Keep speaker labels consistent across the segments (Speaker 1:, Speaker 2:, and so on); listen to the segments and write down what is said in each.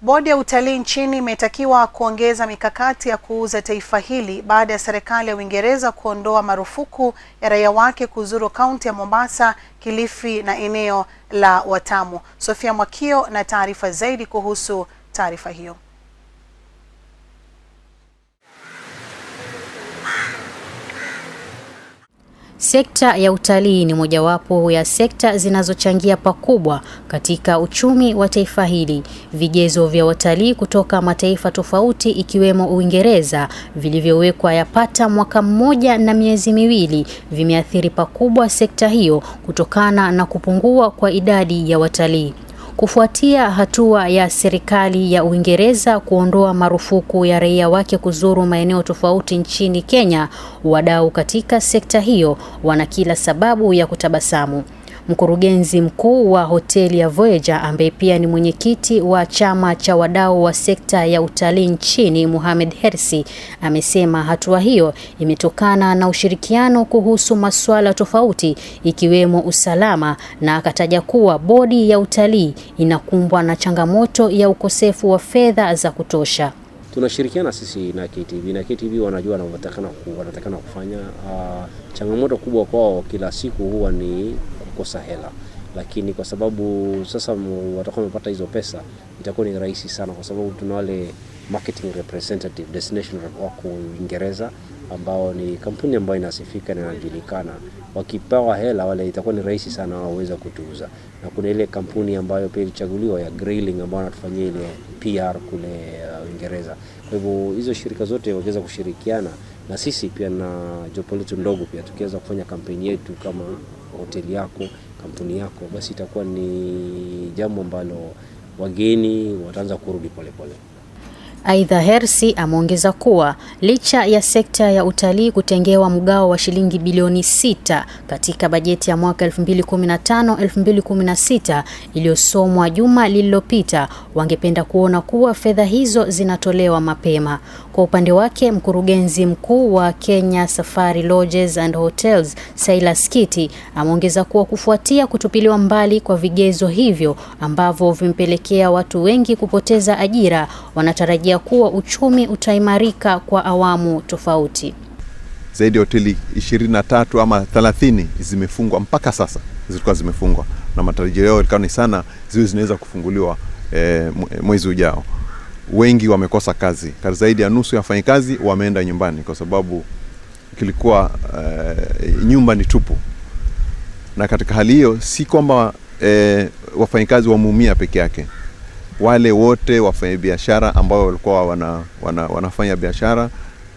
Speaker 1: Bodi ya utalii nchini imetakiwa kuongeza mikakati ya kuuza taifa hili baada ya serikali ya Uingereza kuondoa marufuku ya raia wake kuzuru kaunti ya Mombasa, Kilifi na eneo la Watamu. Sofia Mwakio na taarifa zaidi kuhusu taarifa hiyo.
Speaker 2: Sekta ya utalii ni mojawapo ya sekta zinazochangia pakubwa katika uchumi wa taifa hili. Vigezo vya watalii kutoka mataifa tofauti ikiwemo Uingereza vilivyowekwa yapata mwaka mmoja na miezi miwili vimeathiri pakubwa sekta hiyo kutokana na kupungua kwa idadi ya watalii kufuatia hatua ya serikali ya Uingereza kuondoa marufuku ya raia wake kuzuru maeneo tofauti nchini Kenya. Wadau katika sekta hiyo wana kila sababu ya kutabasamu. Mkurugenzi mkuu wa hoteli ya Voyager ambaye pia ni mwenyekiti wa chama cha wadau wa sekta ya utalii nchini, Mohamed Hersi, amesema hatua hiyo imetokana na ushirikiano kuhusu masuala tofauti ikiwemo usalama, na akataja kuwa bodi ya utalii inakumbwa na changamoto ya ukosefu wa fedha za kutosha.
Speaker 3: Tunashirikiana sisi na KTV na KTV wanajua wanatakana kufanya. Uh, changamoto kubwa kwao kila siku huwa ni kukosa hela, lakini kwa sababu sasa watakuwa wamepata hizo pesa, itakuwa ni rahisi sana, kwa sababu tuna wale marketing representative destination wako Uingereza ambao ni kampuni ambayo inasifika na inajulikana. Wakipewa hela wale, itakuwa ni rahisi sana waweza kutuuza. Na kuna ile kampuni ambayo pia ilichaguliwa ya grilling, ambayo anatufanyia ile PR kule uh, Uingereza. Kwa hivyo hizo shirika zote wakiweza kushirikiana na sisi pia na jopo letu ndogo, pia tukiweza kufanya kampeni yetu kama hoteli yako, kampuni yako, basi itakuwa ni jambo ambalo wageni wataanza kurudi polepole pole.
Speaker 2: Aidha, Hersi ameongeza kuwa licha ya sekta ya utalii kutengewa mgao wa shilingi bilioni sita katika bajeti ya mwaka 2015-2016 iliyosomwa juma lililopita, wangependa kuona kuwa fedha hizo zinatolewa mapema. Kwa upande wake, mkurugenzi mkuu wa Kenya Safari Lodges and Hotels Silas Kiti ameongeza kuwa kufuatia kutupiliwa mbali kwa vigezo hivyo ambavyo vimepelekea watu wengi kupoteza ajira, wanatarajia akitarajia kuwa uchumi utaimarika kwa awamu tofauti.
Speaker 4: Zaidi ya hoteli 23 ama 30 zimefungwa mpaka sasa, zilikuwa zimefungwa na matarajio yao ilikuwa ni sana ziwe zinaweza kufunguliwa e, mwezi ujao. Wengi wamekosa kazi, zaidi ya nusu ya wafanyakazi wameenda nyumbani kwa sababu kilikuwa e, nyumba ni tupu, na katika hali hiyo si kwamba e, wafanyikazi wameumia peke yake, wale wote wafanya biashara ambao walikuwa wana, wana, wanafanya biashara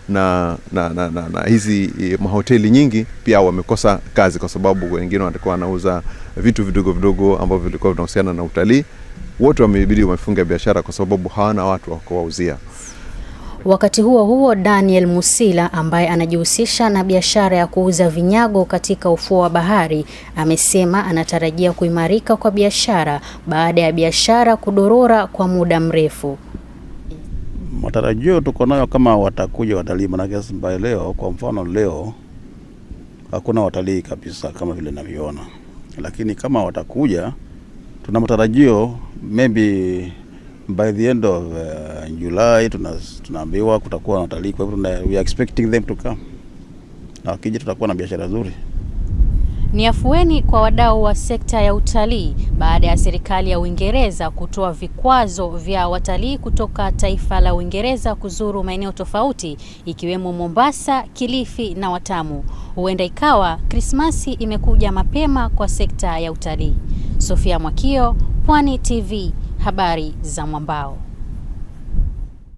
Speaker 4: na, na, na, na, na hizi e, mahoteli nyingi pia wamekosa kazi, kwa sababu wengine walikuwa wanauza vitu vidogo vidogo ambavyo vilikuwa vinahusiana na utalii. Wote wamebidi wamefunga biashara kwa sababu hawana watu wa kuwauzia.
Speaker 2: Wakati huo huo, Daniel Musila ambaye anajihusisha na biashara ya kuuza vinyago katika ufuo wa bahari amesema anatarajia kuimarika kwa biashara baada ya biashara kudorora kwa muda mrefu.
Speaker 5: Matarajio tuko nayo kama watakuja watalii, manake leo kwa mfano, leo hakuna watalii kabisa kama vile navyoona lakini kama watakuja, tuna matarajio maybe by the end of uh, July tunaambiwa kutakuwa na watalii, kwa hivyo we are expecting them to come, na wakija tutakuwa na biashara nzuri.
Speaker 2: Ni afueni kwa wadau wa sekta ya utalii baada ya serikali ya Uingereza kutoa vikwazo vya watalii kutoka taifa la Uingereza kuzuru maeneo tofauti ikiwemo Mombasa, Kilifi na Watamu. Huenda ikawa Krismasi imekuja mapema kwa sekta ya utalii. Sofia Mwakio Pwani TV, habari za mwambao.